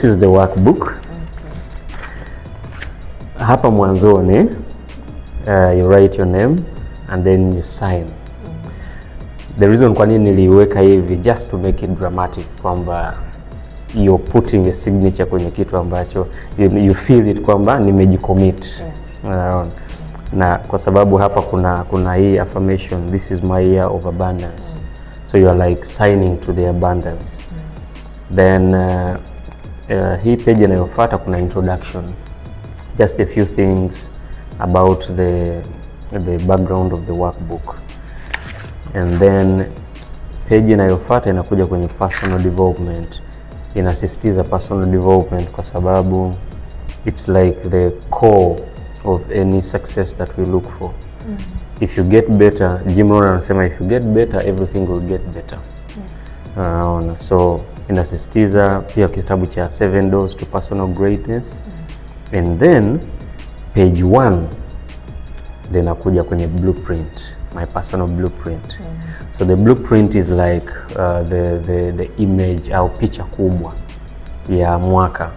this is the workbook. Okay. Hapa mwanzoni uh, you write your name and then you sign. -hmm. The reason kwa nini niliweka hivi just to make it dramatic kwamba you're putting a signature kwenye kitu ambacho you, you feel it kwamba nimejicommit. Yeah. Uh, na kwa sababu hapa kuna kuna hii affirmation this is my year of abundance. Mm. So you are like signing to the abundance. Mm. Then uh, uh, hii page inayofuata kuna introduction, just a few things about the the background of the workbook and then page inayofuata inakuja kwenye personal development. Inasisitiza personal development kwa sababu it's like the core of any success that we look for. Mm -hmm. If you get better, Jim Rohn anasema if you get better everything will get better. Yeah. Mm. Uh, so inasisitiza pia kitabu cha Seven Doors to Personal Greatness mm. and then page 1 ndio inakuja kwenye blueprint, my personal blueprint mm. so the blueprint is like uh, the, the, the image au picha kubwa ya mwaka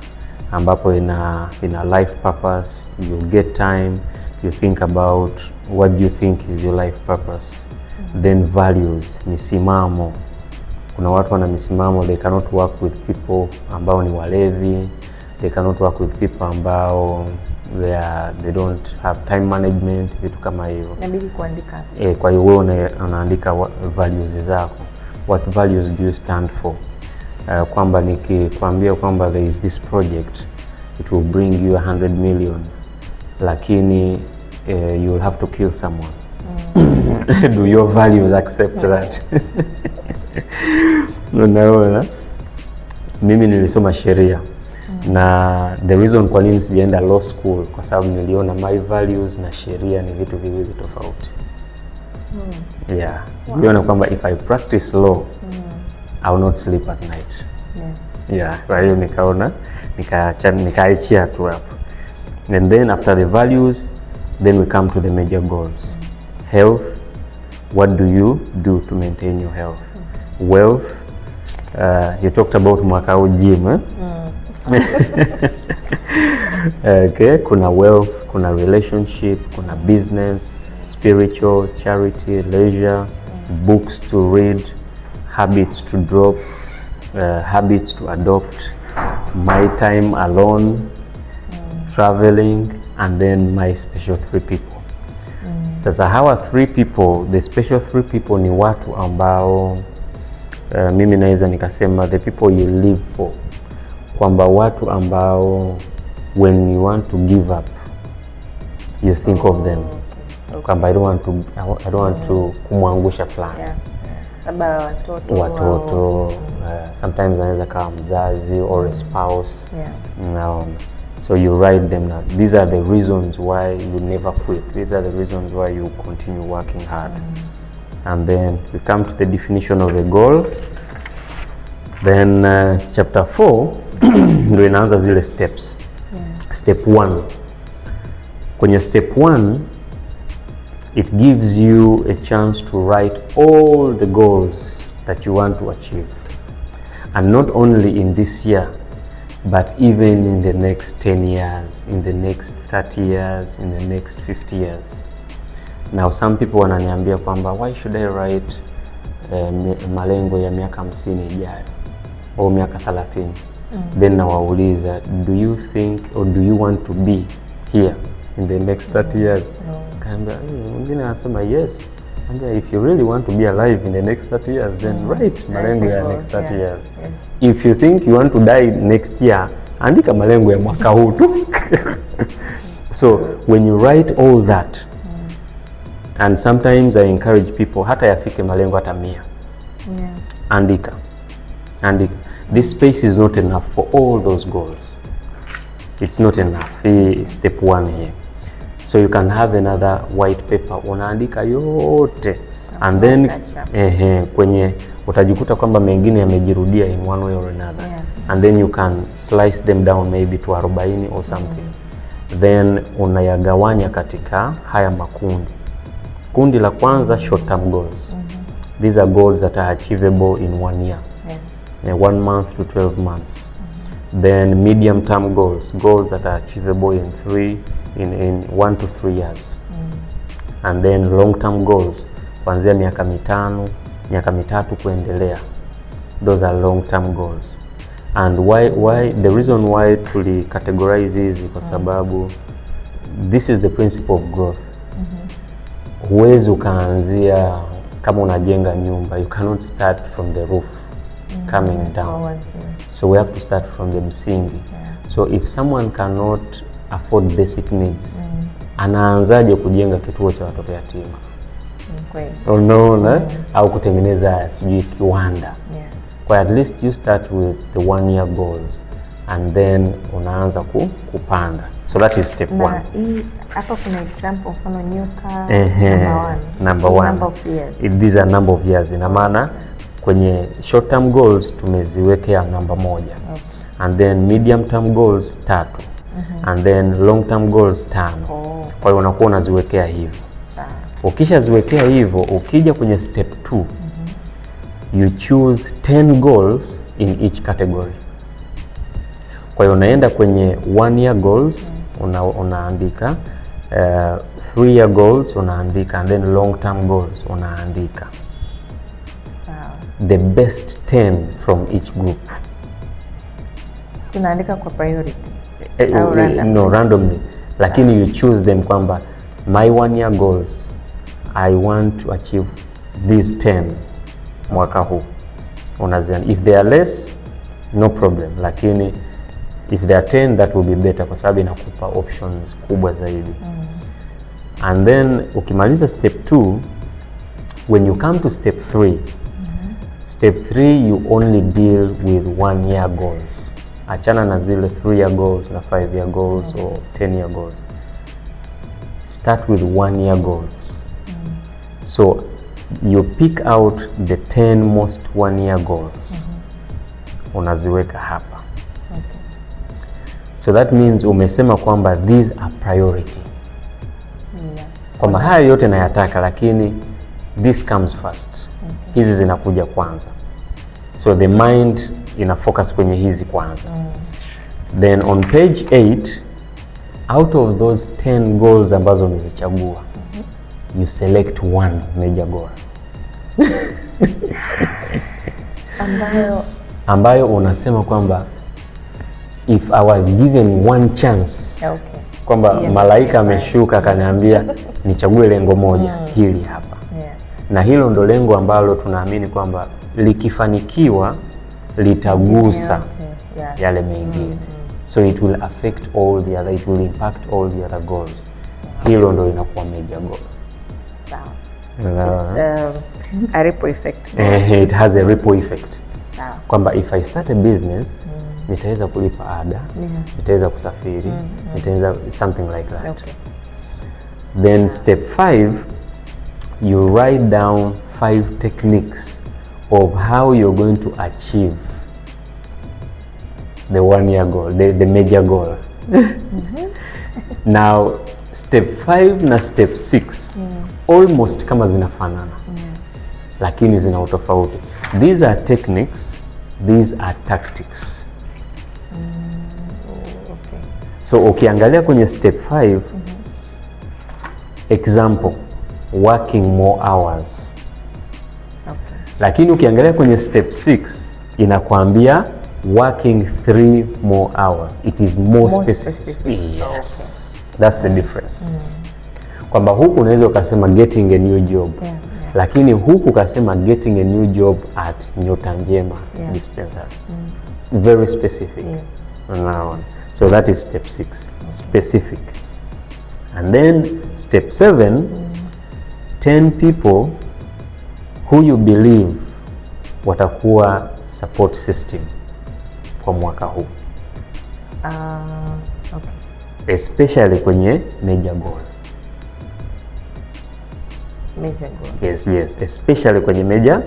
ambapo ina ina life purpose, you get time, you think about what do you think is your life purpose mm. then values, misimamo kuna watu wana misimamo, they cannot work with people ambao ni walevi, they cannot work with people ambao they, are, they don't have time management, vitu kama hivyo. Inabidi kuandika. Eh, kwa hiyo wewe unaandika values zako, what values do you stand for? Uh, kwamba nikikwambia kwamba there is this project it will bring you 100 million lakini uh, you will have to kill someone mm. do your values accept that Unaona, mimi nilisoma sheria mm. na the reason kwa nini sijaenda law school kwa sababu niliona my values na sheria ni vitu viwili tofauti mm. yeah. wow. niliona kwamba if I practice law mm. I will not sleep at night yeah. Yeah, kwa hiyo nikaona nikaachia tu hapo and then after the values then we come to the major goals mm. health what do you do to maintain your health wealth. Uh, you talked about mwaka huu gym eh? Mm. Okay, kuna wealth, kuna relationship, kuna business, spiritual, charity, leisure, mm. books to read, habits to drop, uh, habits to adopt, my time alone, mm. traveling and then my special three people. Mm. Sasa mm. hawa three people, the special three people ni watu ambao uh, mimi naweza nikasema the people you live for, kwamba watu ambao when you want to give up you think of them oh, kwamba I don't want to, I don't want to kumwangusha fulani yeah. Labda watoto, watoto wow. Uh, eh, sometimes anaweza kawa mzazi or a mm. spouse yeah. Um, so you write them now. These are the reasons why you never quit. These are the reasons why you continue working hard mm and then we come to the definition of a goal then uh, chapter 4 ndio inaanza zile steps yeah. Step 1 kwenye step 1 it gives you a chance to write all the goals that you want to achieve and not only in this year but even in the next 10 years in the next 30 years in the next 50 years Now some people wananiambia kwamba why should I write eh, malengo ya miaka hamsini ijayo au miaka thelathini mm. Then nawauliza do you think or do you want to be here in the next 30 mm. years? Mm. Kaambia mm, wengine anasema yes, And if you really want to be alive in the next 30 years then mm. write malengo ya next 30 yeah. years yes. If you think you want to die next year andika malengo ya mwaka huu tu so when you write all that mm and sometimes I encourage people hata yafike malengo hata mia. Yeah. Andika. Andika. This space is not enough for all those goals. It's not enough. step one here. So you can have another white paper unaandika yote and then eh, kwenye utajikuta kwamba mengine yamejirudia in one way or another yeah. and then you can slice them down maybe to 40 or something mm -hmm. then unayagawanya katika haya makundi Kundi la kwanza short term goals. Mm -hmm. These are goals that are achievable in one year. Yeah. One month to 12 months. Mm -hmm. Then medium term goals, goals that are achievable in three, in, in one to three years. Mm -hmm. And then long term goals, kuanzia miaka mitano, miaka mitatu kuendelea. Those are long term goals. And why why the reason why tuli categorize hizi kwa mm. sababu this is the principle of growth huwezi ukaanzia kama unajenga nyumba, you cannot start from the roof mm, coming down So we have to start from the msingi yeah. So if someone cannot afford basic needs mm, anaanzaje kujenga kituo cha watoto yatima? Unaona mm. au kutengeneza sijui kiwanda yeah. Kwa at least you start with the one year goals and then unaanza ku, kupanda so that is step na, one. Hii hapa kuna example mfano nyuka number one, number one. Number of years. It, These are number of years, ina maana kwenye short term goals tumeziwekea namba moja okay. and then medium term goals tatu Uh mhm. -huh. and then long term goals tano oh. Kwa hiyo unakuwa unaziwekea hivyo ukishaziwekea hivyo, ukija kwenye step 2 mm -hmm. you choose 10 goals in each category kwa hiyo unaenda kwenye one year goals una, unaandika uh, three year goals unaandika and then long term goals unaandika Sawa. the best 10 from each group tunaandika kwa priority eh, eh random? No, randomly lakini you choose them kwamba my one year goals I want to achieve these 10 mwaka huu unazian if they are less no problem, lakini if there are 10 that will be better, kwa sababu inakupa options kubwa zaidi mm. And then ukimaliza step 2 when you come to step 3 mm mm-hmm. Step 3 you only deal with one year goals, achana na zile 3 year goals na 5 year goals mm. or 10 year goals, start with one year goals mm. so you pick out the 10 most one year goals mm -hmm. Unaziweka hapa So that means umesema kwamba these are priority, Kwamba haya yote nayataka, lakini this comes first, okay. Hizi zinakuja kwanza, so the mind ina focus kwenye hizi kwanza, mm. Then on page 8 out of those 10 goals ambazo umezichagua, mm -hmm. you select one major goal ambayo, ambayo unasema kwamba if I was given one chance okay. kwamba yeah. malaika ameshuka akaniambia nichague lengo moja mm. hili hapa yeah. na hilo ndo lengo ambalo tunaamini kwamba likifanikiwa litagusa yeah. yale mengine mm -hmm. so it will affect all the other, it will impact all the other goals hilo ndo inakuwa major goal sawa um, a ripple effect. Eh, it has a ripple effect. Sawa. Kwamba if I start a business mm nitaweza kulipa ada yeah. nitaweza kusafiri mm -hmm. nitaweza something like that okay. Then step five you write down five techniques of how you're going to achieve the one year goal, the, the major goal. Mm-hmm. Now step 5 na step 6 yeah. Mm. almost kama zinafanana yeah. lakini zina utofauti. These are techniques, these are tactics. So ukiangalia kwenye step 5 mm -hmm. example working more hours okay. Lakini ukiangalia kwenye step 6 inakwambia working three more hours it is more, more specific. Specific. Yes. Okay. That's the difference mm -hmm. Kwamba huku unaweza ukasema getting a new job yeah, Lakini huku kasema getting a new job at Nyota Njema yeah. Dispensary mm Very specific yeah. Unaona So that is step six, specific. And then step seven, 10 people who you believe watakuwa support system kwa mwaka huu. Uh, okay. Especially kwenye major goal. Major goal. Yes, yes, especially kwenye major,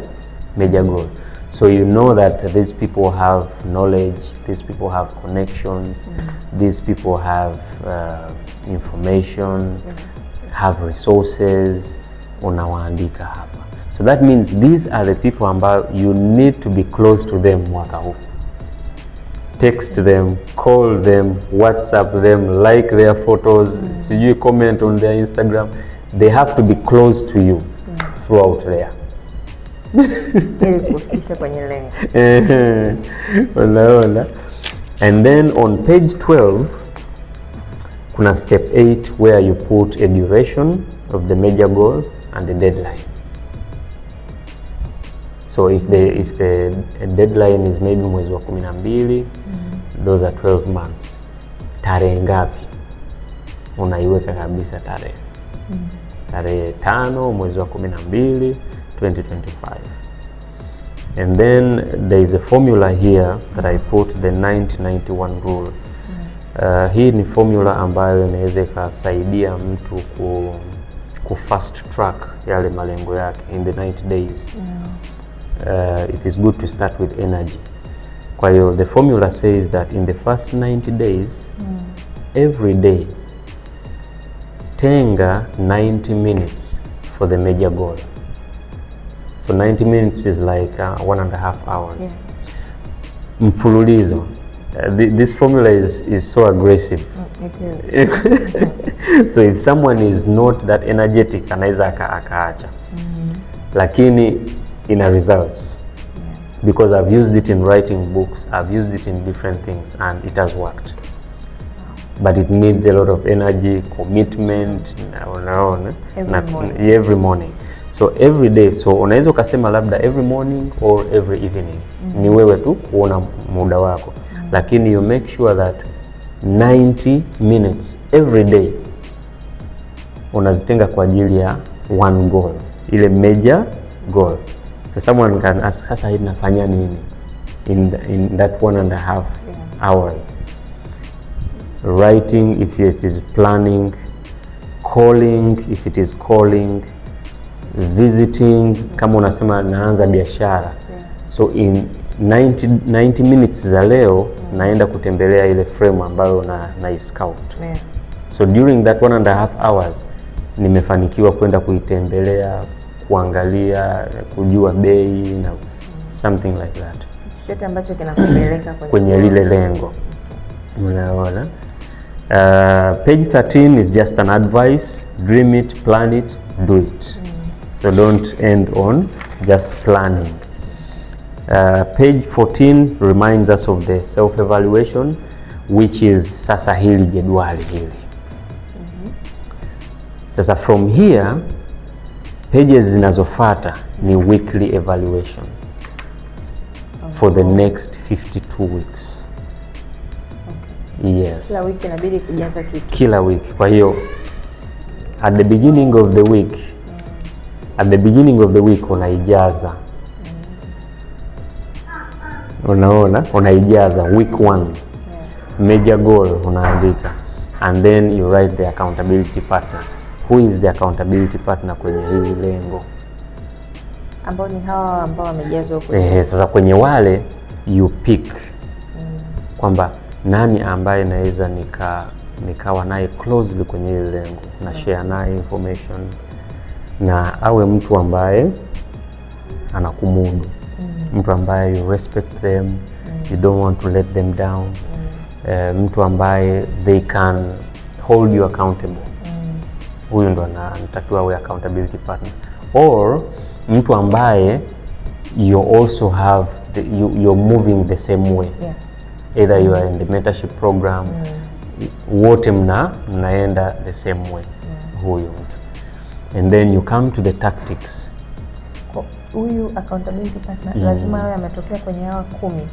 major goal. So you know that these people have knowledge, these people have connections, mm-hmm. these people have uh, information, mm-hmm. have resources, unawaandika hapa. So that means these are the people ambao you need to be close to them mwaka huu. Text them, call them, WhatsApp them, like their photos, mm-hmm. sijui comment on their Instagram. They have to be close to you mm-hmm. throughout there ili eh, kufikisha kwenye lengo. Ola ola. And then on page 12 kuna step 8 where you put a duration of the major goal and the deadline. So if the if the deadline is maybe mwezi wa 12, mm-hmm. those are 12 months. Tarehe ngapi? Unaiweka kabisa tarehe. Mm-hmm. Tarehe tano mwezi wa 12 2025 and then there is a formula here that I put the 991 rule. Uh, hii ni formula ambayo inaweza ikasaidia mtu ku, ku fast track yale malengo yake in the 90 days. Uh, it is good to start with energy. Kwa hiyo the formula says that in the first 90 days mm. every day tenga 90 minutes for the major goal so 90 minutes is like uh, one and a half hours yeah. mfululizo uh, th this formula is, is so aggressive mm, it is. so if someone is not that energetic anaweza akaacha mm -hmm. lakini ina results yeah. because I've used it in writing books I've used it in different things and it has worked but it needs a lot of energy commitment, unaona every, every morning So every day, so unaweza ukasema labda every morning or every evening mm -hmm. Ni wewe tu kuona muda wako mm -hmm. Lakini you make sure that 90 minutes every day unazitenga kwa ajili ya one goal, ile major goal. So someone can ask sasa, hii nafanya nini in, the, in that one and a half yeah. hours writing if it is planning, calling if it is calling visiting, kama unasema naanza biashara yeah. So in 90, 90 minutes za leo mm. naenda kutembelea ile frame ambayo na, na scout yeah. So during that one and a half hours nimefanikiwa kwenda kuitembelea, kuangalia, kujua bei na something like that, chochote ambacho kinakupeleka kwenye lile lengo, unaona. Uh, page 13 is just an advice, dream it, plan it, do it. mm. So don't end on just planning. Uh, page 14 reminds us of the self evaluation which is sasa hili jedwali hili. Mm-hmm. Sasa from here pages zinazofata ni weekly evaluation okay. for the next 52 weeks. Okay. Yes. Kila Kila wiki. Kwa hiyo at the beginning of the week at the beginning of the week unaijaza, unaona, unaijaza week one major goal unaandika, and then you write the accountability partner. Who is the accountability partner kwenye hili lengo? Ambao ni hawa ambao wamejazwa huko. Eh, sasa kwenye wale you pick mm. kwamba nani ambaye naweza nika nikawa naye closely kwenye hili lengo na share naye information na awe mtu ambaye anakumudu mm. mtu ambaye you respect them mm. you don't want to let them down mm. uh, mtu ambaye they can hold you accountable mm. huyu ndo anatakiwa awe accountability partner or mtu ambaye you also have the, you, you're moving the same way yeah. either you are mm. in the mentorship program mm. wote mna mnaenda the same way yeah. mtu and then you come to the tactics. Huyu accountability partner mm. lazima awe ametokea kwenye hawa kumi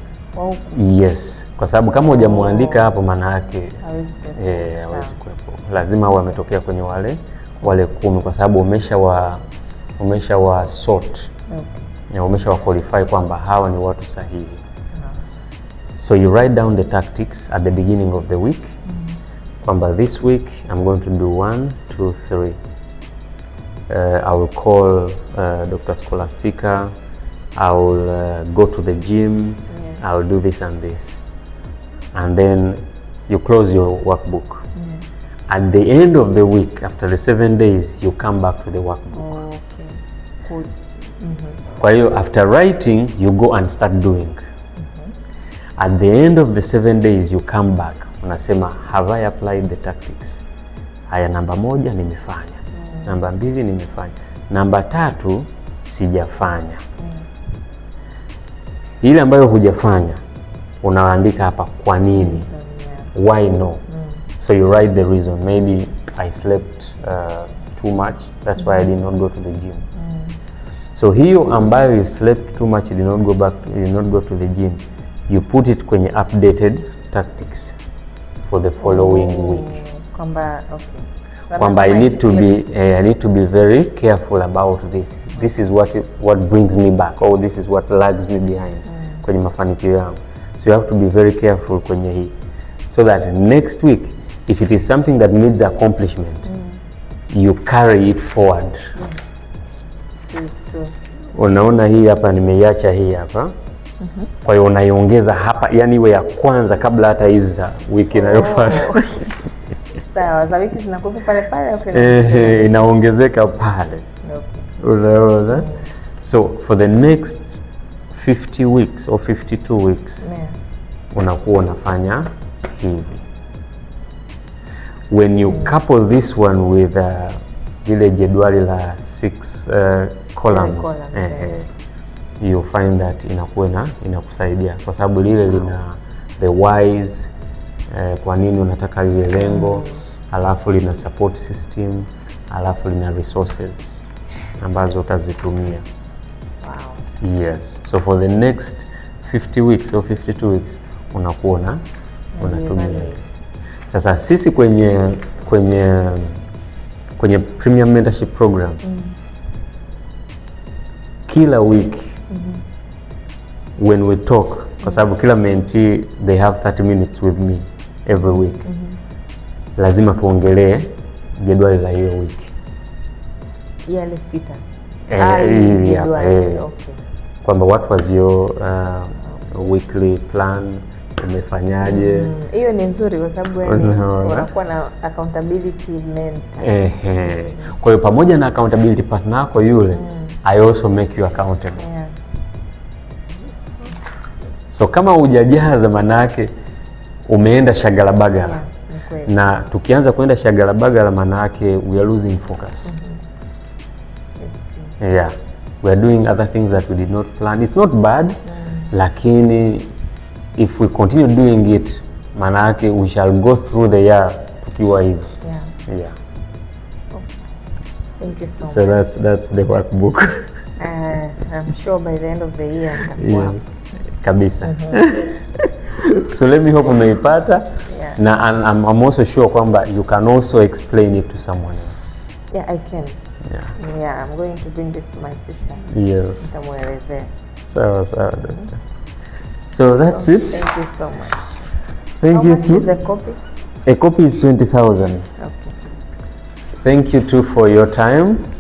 Yes, kwa sababu kama hujamwandika oh. hapo maana yake hawezi eh, kuwepo lazima awe ametokea kwenye wale wale kumi kwa sababu umesha wa umesha wa sort okay. umesha wa qualify kwamba hawa ni watu sahihi so you write down the tactics at the beginning of the week mm. kwamba this week I'm going to do one, two, three Uh, I will call uh, Dr. Scholastica. I will uh, go to the gym. Yeah. I will do this and this. And then you close your workbook. Yeah. At the end of the week, after the seven days, you come back to the workbook. Oh, okay. Cool. Mm -hmm. after writing, you go and start doing. Mm -hmm. At the end of the seven days, you come back. Unasema, have I applied the tactics? Haya, number moja nimefanya. Namba mbili nimefanya, namba tatu sijafanya. Ile ambayo hujafanya unaandika hapa, kwa nini? Why no? So you write the reason, maybe I slept uh, too much that's why I did not go to the gym. So hiyo ambayo you slept too much, did not go back, did not go to the gym, you put it kwenye updated tactics for the following week. Oh, kwamba okay kwamba I need to be uh, I need to be very careful about this. This is what what brings me back or oh, this is what lags me behind mm. kwenye mafanikio yangu, so you have to be very careful kwenye hii so that next week if it is something that needs accomplishment mm. you carry it forward mm. Unaona, hii hapa nimeiacha hii hapa mm-hmm. Kwa hiyo unaiongeza hapa, yani iwe ya kwanza kabla hata hizi za wiki oh. inayofuata. Sawa, za wiki zinakuwa pale pale au eh, eh, inaongezeka pale. Okay. Unaona? So for the next 50 weeks or 52 weeks yeah. Unakuwa unafanya hivi when you mm. couple this one with uh, jedwali la six uh, columns, columns eh, yeah. eh, you find that inakuwa inakusaidia kwa sababu lile lina the wise eh, kwa nini unataka lile lengo, alafu lina support system, alafu lina resources ambazo utazitumia. Wow. Yes, so for the next 50 weeks or 52 weeks unakuona unatumia. Sasa sisi kwenye kwenye kwenye Premium Mentorship Program mm. kila wiki mm -hmm. when we talk kwa sababu kila mentee they have 30 minutes with me every week mm -hmm. lazima tuongelee jedwali la hiyo wiki yale sita eh, ah, hili eh. okay. kwamba what was your uh, weekly plan umefanyaje? Mm, hiyo mm, ni nzuri kwa sababu yani unakuwa na accountability mentor. Ehe, kwa hiyo pamoja na accountability partner yako yule, mm. I also make you accountable yeah. So kama hujajaza manake yake umeenda shagalabagala yeah, Na tukianza kuenda shagalabagala maana yake we are losing focus mm -hmm. yeah. We are doing other things that we did not plan. It's not bad mm -hmm. Lakini if we continue doing it maana yake we shall go through the year tukiwa hivyo yeah. yeah. Oh, thank you so, so much. That's, that's the workbook. Uh, I'm sure by the end of the year. Yeah. Kabisa. Mm -hmm. so let me hope umeipata yeah. na and I'm, I'm also sure kwamba you can also explain it to someone else. Yeah, I can. Yeah. Yeah, I'm going to bring this to my sister. Yes. Nitamwelezea. Sawa sawa doctor. So that's okay, it. Thank you so much. Thank How you much too. is a copy? A copy is 20,000. Okay. Thank you too for your time. Mm -hmm.